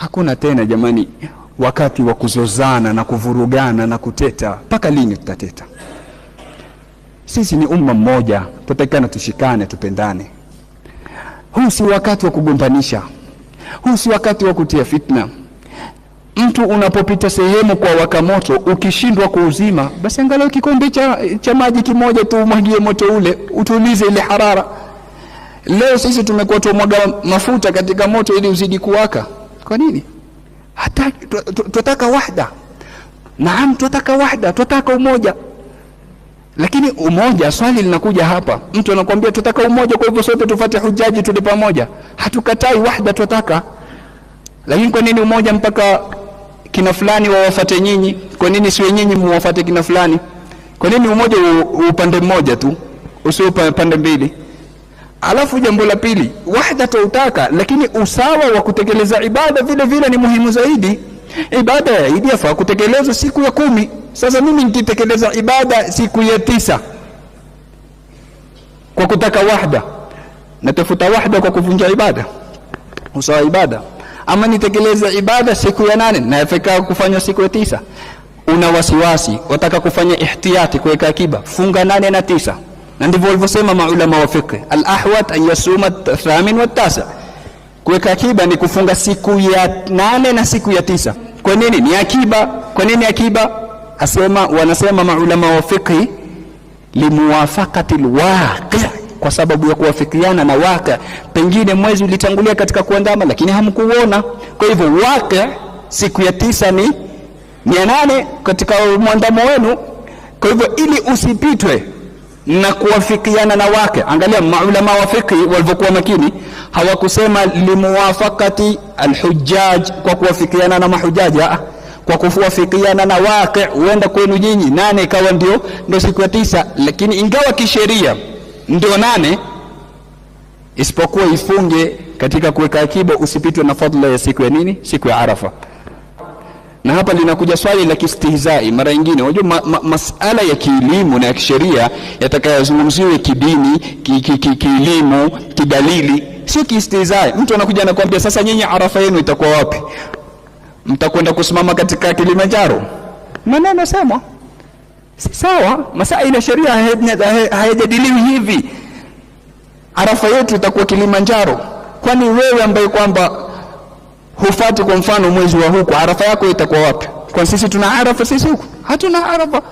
Hakuna tena jamani, wakati wa kuzozana na kuvurugana na kuteta. Mpaka lini tutateta? Sisi ni umma mmoja, tutakana tushikane, tupendane. Huu si wakati wa kugombanisha, huu si wakati wa kutia fitna. Mtu unapopita sehemu kwa waka moto, ukishindwa kuuzima, basi angalau kikombe cha, cha maji kimoja tu umwagie moto ule, utulize ile harara. Leo sisi tumekuwa tumwaga mafuta katika moto ili uzidi kuwaka. Kwa nini? hataki tunataka wahda, naam, tunataka wahda, tunataka umoja, lakini umoja, swali linakuja hapa, mtu anakuambia tunataka umoja, kwa hivyo sote tufate hujaji, tuli pamoja. Hatukatai wahda, tunataka lakini kwa nini umoja mpaka kina fulani wawafate nyinyi? Kwa nini siwe nyinyi muwafate kina fulani? Kwa nini umoja upande mmoja tu usio pande mbili? Alafu jambo la pili, wahda tautaka, lakini usawa wa kutekeleza ibada vile vile ni muhimu zaidi. Ibada ya Idi yafaa kutekelezwa siku ya kumi. Sasa mimi nikitekeleza ibada siku ya tisa kwa kutaka wahda, natafuta wahda kwa kuvunja ibada, usawa ibada, ama nitekeleza ibada siku ya nane nafika kufanywa siku ya tisa. Una wasiwasi, wataka kufanya ihtiyati, kuweka akiba, funga nane na tisa na ndivyo walivyosema maulama wa fiqh, al ahwat an yasuma thamin wa tasa, kuweka akiba ni kufunga siku ya nane na siku ya tisa. Kwa nini ni akiba? Kwa nini akiba? Asema, wanasema maulama wa fiqh, limuwafaqati al-waqi' kwa sababu ya kuwafikiana na waka Pengine mwezi ulitangulia katika kuandama, lakini hamkuona Kwa hivyo waka siku ya tisa ni 800 katika mwandamo wenu. Kwa hivyo ili usipitwe na kuwafikiana na wake. Angalia maulama wa fiqh walivyokuwa makini, hawakusema limuwafakati alhujaj, kwa kuwafikiana na mahujaja, kwa kuwafikiana na wake, huenda kwenu nyinyi nane ikawa ndio ndio siku ya tisa, lakini ingawa kisheria ndio nane, isipokuwa ifunge katika kuweka akiba, usipitwe na fadhila ya siku ya nini, siku ya Arafa na hapa linakuja swali la kistihzai mara nyingine. Unajua ma, ma, masala ya kielimu na ya kisheria yatakayozungumziwa kidini, ki, ki, ki, kielimu, kidalili, sio kistihzai. Mtu anakuja anakuambia, sasa nyinyi arafa yenu itakuwa wapi? Mtakwenda kusimama katika Kilimanjaro? Maneno sema si sawa. Masaa ya sheria hayajadiliwi hivi. Arafa yetu itakuwa Kilimanjaro? Kwani wewe ambaye kwamba hufati. Kwa mfano mwezi wa huku, arafa yako itakuwa wapi? Kwa sisi tuna arafa, sisi huku hatuna arafa.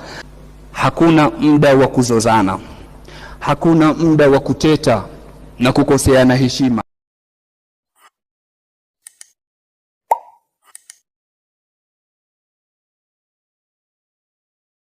Hakuna muda wa kuzozana, hakuna muda wa kuteta na kukoseana heshima.